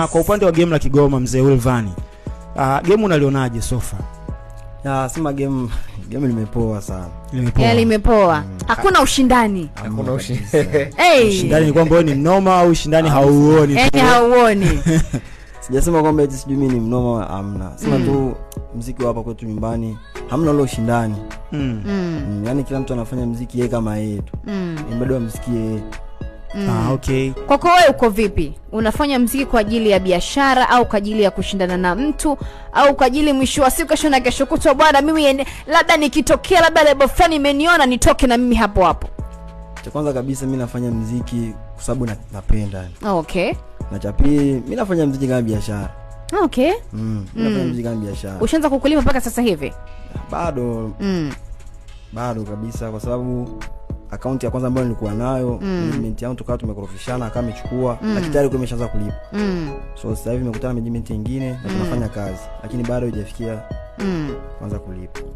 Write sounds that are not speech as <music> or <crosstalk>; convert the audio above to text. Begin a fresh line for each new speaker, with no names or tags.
Ah, kwa upande wa game la Kigoma, mzee Ulvani. uh, ah, game unalionaje sofa?
Ya, sema game game limepoa sana.
Limepoa. Yeah, limepoa. Mm. Hakuna ushindani.
Hakuna ushindani.
hey. Ushindani
ni kwamba wewe ni mnoma au ushindani hauoni.
Eh, hauoni.
<laughs> Sijasema kwamba eti sijui mimi ni mnoma amna. Sema mm. tu mziki hapa kwetu nyumbani hamna ule ushindani. Mm. mm. Mm. Yaani kila mtu anafanya mziki yeye kama yeye tu. Mm. Bado amsikie yeye.
Ah, mm. Ah, okay. Kwa kwa wewe uko vipi? Unafanya mziki kwa ajili ya biashara au kwa ajili ya kushindana na mtu au kwa ajili mwisho wa siku kesho na kesho kutwa bwana mimi labda nikitokea labda lebo fulani imeniona nitoke na mimi hapo hapo.
Cha kwanza kabisa mimi nafanya mziki kwa sababu napenda. Ah, okay. Na cha pili mimi nafanya mziki kama biashara. Ah, okay. Mm. mm. Nafanya mm. mziki kama biashara.
Ushaanza kukulima mpaka sasa hivi?
Bado. Mm. Bado kabisa kwa sababu akaunti ya kwanza ambayo nilikuwa nayo mm. yangu tukawa tumekorofishana, akaa amechukua mm. lakini tayari imeshaanza kulipa mm. so sasa hivi nimekutana management nyingine na mm. tunafanya kazi, lakini bado haijafikia mm. kwanza kulipa.